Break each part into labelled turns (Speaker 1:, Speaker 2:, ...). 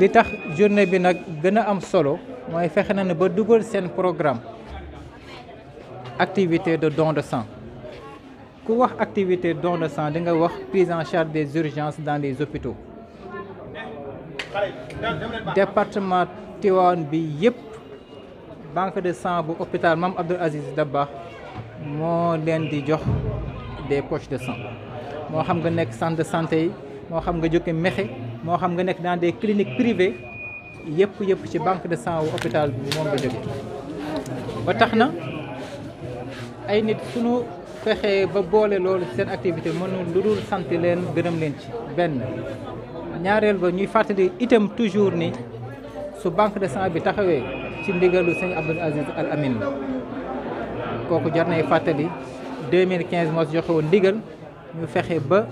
Speaker 1: li tax journée bi nag gën a am solo mooy fexe na ne ba dugal seen programme activité de don de sang ku wax activité don de sang di nga wax prise en charge des urgences dans les hôpitaux département Tivaouane bi yëpp banque de sang bu hôpital Mame Abdoul Aziz Dabakh moo leen di jox des poches de sang moo xam nga nekk centre de santé yi moo xam nga jóge Mékhé moo xam nga nekk dans des cliniques privées yëpp yëpp ci banque de sang wu hôpital bi moom la jóge ba tax na ay nit suñu fexee ba boole loolu seen activité mënul lu dul sant leen gërëm leen ci benn ñaareel ba ñuy fàttali itam toujours ni su banque de sang bi taxawee ci ndigalu sëñ Abdoul Aziz Al Amin la kooku jar nay fàttali 2015 moo si joxe woon ndigal ñu fexe ba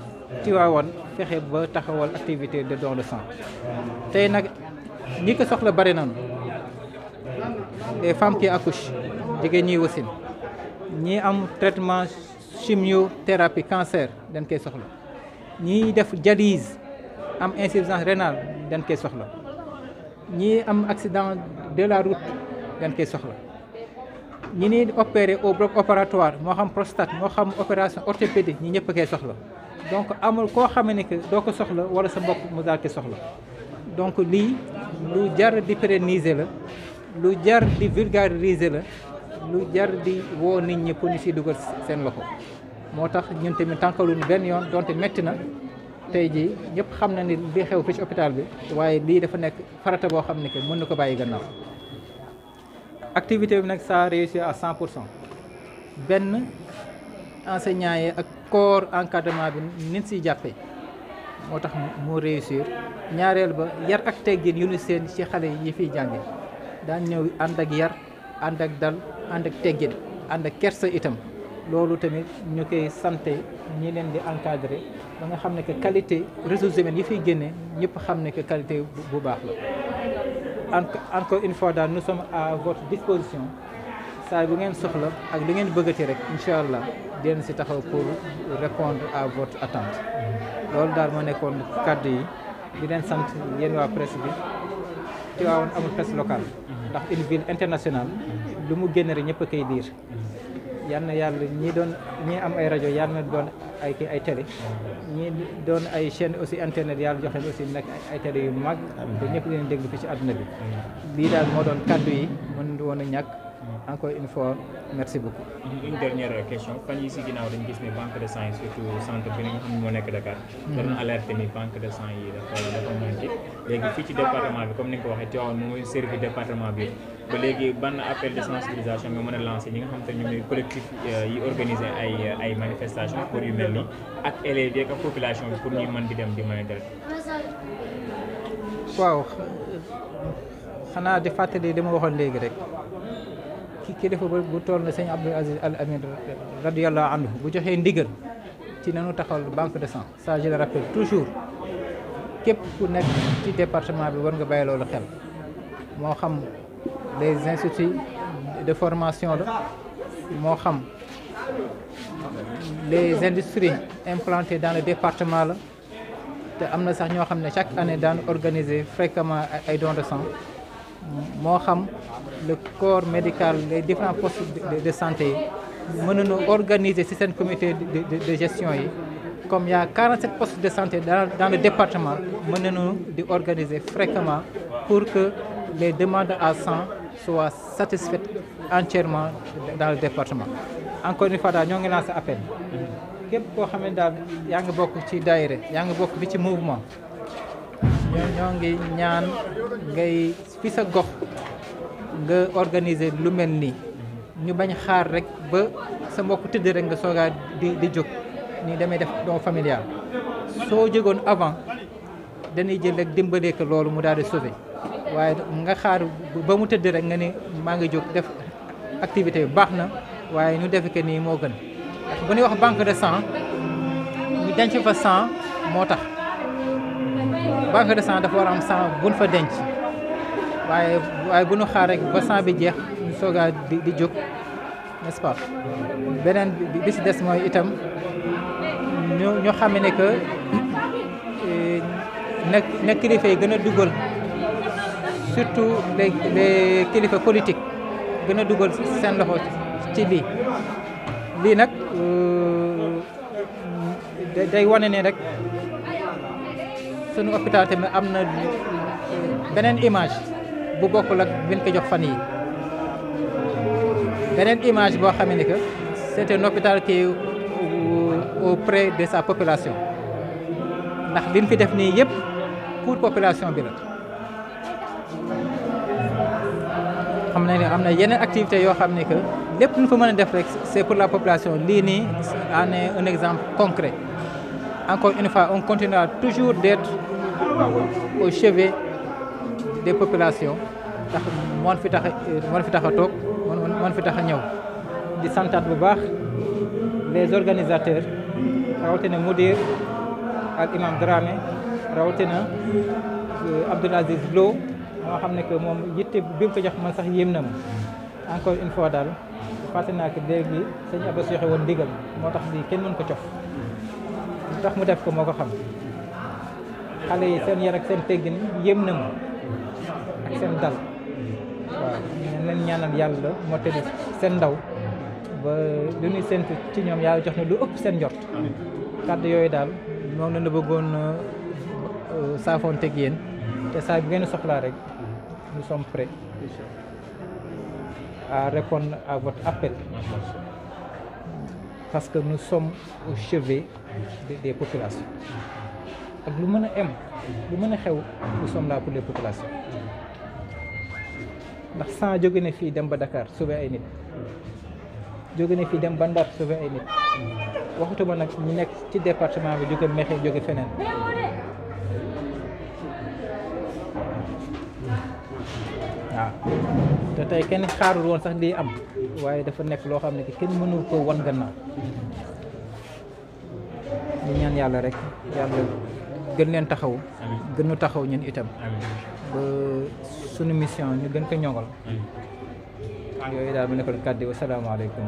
Speaker 1: Tiwaawan fexe ba taxawal activité de don le sang tey nag ñi ko soxla bari nañu les femmes qui accouchent jigéen ñiy wasin ñi am traitement chimiothérapie cancer dañ koy soxla ñiy def dialyse am insuffisance rénale dañ koy soxla ñii am accident de la route dañ koy soxla ñi ni opéré au bloc moo xam prostate moo xam opération orthopédie ñi ñëpp koy soxla donc amul koo xamee ni que doo ko soxla wala sa mbokk mu daal soxla donc lii lu jar di pérenniser la lu jar di vulgariser la lu jar di woo nit ñi pour ñu siy dugal seen loxo moo tax ñun tamit tànkaluñu benn yoon donte metti na tey jii ñëpp xam na ni li xew fii ci hôpital bi waaye lii dafa nekk farata boo xam ni que mën na ko bàyyi gannaaw activité bi nag ça réussi à 100 pour cent benn enseignants yi ak corps encadrement bi nin siy jàppee moo tax mu réussir ñaareel ba yar ak teggin yu ni seen ci xale yi fiy jànge daan ñëw ànd ak yar ànd ak dal ànd ak teggin ànd ak kersa itam loolu tamit ñu koy santé ñi leen di encadré ba nga xam ne que qualité ressources humaines yi fiy génnee ñëpp xam ne que qualité bu baax la encore une fois daal nous sommes à votre disposition saa bu ngeen soxla ak li ngeen bëggati rek incha allah dinañ si taxaw pour répondre à votre attente loolu daal moo nekkoon kàddu yi di leen sant yéen waa presse bi Tivaouane amul presse locale ndax une ville internationale lu mu génn rek ñëpp a koy diir yàlla ñi doon ñi am ay rajo yal na doon ay kii ay télé ñi doon ay chaîne aussi internet yàlla joxe aussi nekk ay télé yu mag ba ñëpp leen déglu fi ci adduna bi lii daal moo doon kàddu yi mën Mm-hmm. encore une fois merci beaucoup. Mm-hmm. une dernière question fan yii si ginnaaw dañu gis ne banque de sang yi surtout centre bi nga xam ne moo nekk Dakar. Mm-hmm. doon alerte ni banque de sang yi dafa dafa manqué léegi fii ci département bi comme ni nga ko waxee Tivaouane moom mooy service département bi ba léegi ban appel de sensibilisation nga mën a lancer ñi nga xam te ne ñoom collectif euh, yi organiser ay ay pour yu mel nii ak élèves yeeg ak population bi pour ki kilifa ba bu toll na sëñ Abdoul Aziz Al Amin radiyallahu anhu bu joxee ndigal ci nanu taxawal banque de sang ça je le rappelle toujours képp ku nekk ci département bi war nga bàyyi loolu xel moo xam les instituts de formation la moo xam les industries implantées dans le département la te am na sax ñoo xam ne chaque année daan organiser fréquemment ay dons de sang moo xam le corps médicale les différents postes de santé yi mën nañu organiser ci seen comité de gestion yi comme y a 47 de santé dans le département mën nañu di organiser fréquemment pour que les demandes à sang soient satisfaites entièrement dans le département encore une fois daal ñoo ngi lancé appel mm-hmm. képp koo xam ne daal yaa ngi bokk ci daayira yaa ngi bokk bi ci mouvement ñoo ngi ñaan ngay fi sa gox nga organiser lu mel nii ñu bañ xaar rek ba sa mbokk tëdd rek nga soogaa di di jóg ni demee def don familial soo jógoon avant dañuy jël rek dimbalee ko loolu mu daal di sauvé waaye nga xaar ba mu tëdd rek nga ni maa ngi jóg def activité bi baax na waaye ñu defe ko nii moo gën bu ñuy wax banque de sang ñu denc fa sang moo tax banque de sang dafa war am sang fa denc waaye waaye bu ñu xaar rek ba sang bi jeex ñu soogaa di di jóg n'est-ce beneen bi si des mooy itam ñu ñu xam ne que nag euh, nag kilifa yi gën a dugal surtout les kilifa politique gën a dugal seen loxo ci lii lii nag euh, day wane ne rek sunu hôpital tamit am na beneen image bu bokkul ak bin jox fan yi beneen image boo xam ne que c'est un hôpital qui est auprès de sa population ndax liñ fi def nii yëpp pour population bi la xam na ne am na yeneen activité yoo xam ne que lépp lu fa mën a def rek c'est pour la population lii nii en un exemple concret encore une fois on toujours d'être au chevet des populations ndax moon fi tax moon fi tax a toog moon fi tax a ñëw di santaat bu baax les organisateurs rawatina Moudir ak Imam Dramé rawatina euh, Abdoul Aziz Lo moo xam ne que moom yitte bi mu ko jox man sax yéem na ma encore une fois daal fàtte naa ko léegi sëñ Abbas yoxe woon ndigal moo tax lii kenn mën ko cof tax mu def ko moo ko xam xale yi seen yar ak seen teggin yëm na ma ak seen dal waaw ñu ñaanal yàlla mottali seen ndaw ba lu ñuy séntu ci ñoom yàlla jox na lu ëpp seen njort kàddu yooyu daal moom la na bëggoon euh, saafoon teg te saa bi ngeen soxlaa rek nous sommes prêts à répondre à votre appel parce que nous sommes au chevet des populations ak lu mën a em lu mën a xew nous sommes là pour les populations ndax sans jóge ne fii dem ba Dakar sauver ay nit jóge ne fii dem ba Ndar sauver ay nit waxutuma nag ñu nekk ci département bi jóge Mexe jóge feneen waaw te tey kenn xaarul woon sax lii am waaye dafa nekk loo xam ne kenn mënul koo wan gannaaw ñu ñaan yàlla rek yàlla gën leen taxaw gënu taxaw ñun itam ba sunu mission ñu gën ko ñoŋal yooyu daal bu nekkoon kàddu yi wasalaamaaleykum